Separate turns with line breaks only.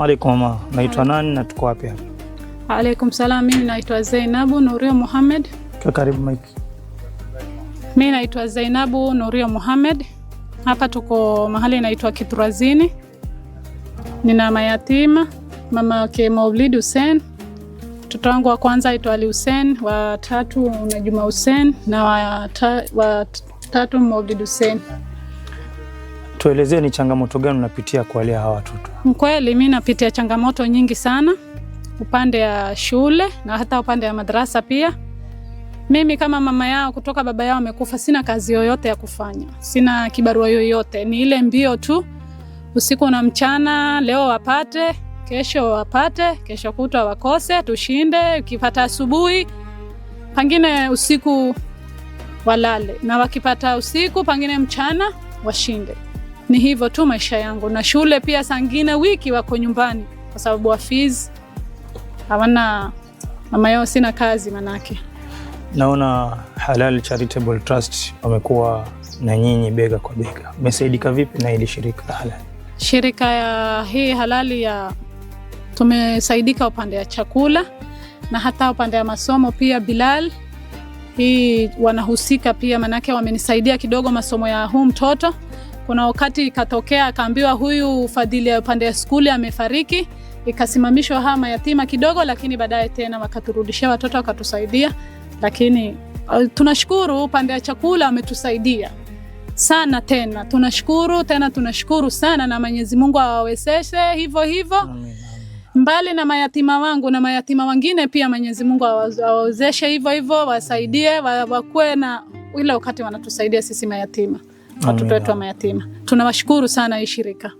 Waalaikum, naitwa nani na tuko wapi hapa?
Alaikum salam, mimi naitwa Zainabu Nurio Muhammad.
Kwa karibu mike.
Mimi naitwa Zainabu Nurio Muhammad. Hapa tuko mahali inaitwa Kitrazini, nina mayatima, mama yake Maulid Hussein, mtoto wangu wa kwanza aitwa Ali Hussein, wa tatu na Juma Hussein na wa, ta, wa tatu Maulid Hussein
tuelezee ni changamoto gani unapitia kuwalea hawa watoto?
Mkweli mi napitia changamoto nyingi sana upande ya shule na hata upande ya madarasa pia. Mimi kama mama yao kutoka baba yao amekufa, sina kazi yoyote ya kufanya, sina kibarua yoyote, ni ile mbio tu usiku na mchana, leo wapate, kesho wapate, kesho kutwa wakose, tushinde, ukipata asubuhi, pengine usiku walale, na wakipata usiku, pengine mchana washinde ni hivyo tu maisha yangu. Na shule pia, sangine wiki wako nyumbani kwa sababu wa fees hawana mama yao, sina kazi manake.
Naona Halal Charitable Trust wamekuwa na nyinyi bega kwa bega, umesaidika vipi na ili shirika la Halal?
Shirika ya hii Halali ya tumesaidika upande ya chakula na hata upande ya masomo pia. Bilal hii wanahusika pia, manake wamenisaidia kidogo masomo ya huu mtoto kuna wakati ikatokea akaambiwa huyu fadhili ya upande ya skuli amefariki, ikasimamishwa haya mayatima kidogo, lakini baadaye tena wakaturudishia watoto wakatusaidia. Lakini uh, tunashukuru upande ya chakula ametusaidia sana tena, tunashukuru tena, tunashukuru sana, na Mwenyezi Mungu awawezeshe hivyo hivyo, mbali na mayatima wangu na mayatima wengine pia, Mwenyezi Mungu awawezeshe hivyo hivyo, wasaidie wakuwe na ile wakati wanatusaidia sisi mayatima watoto wetu wa mayatima. Tunawashukuru sana hii shirika.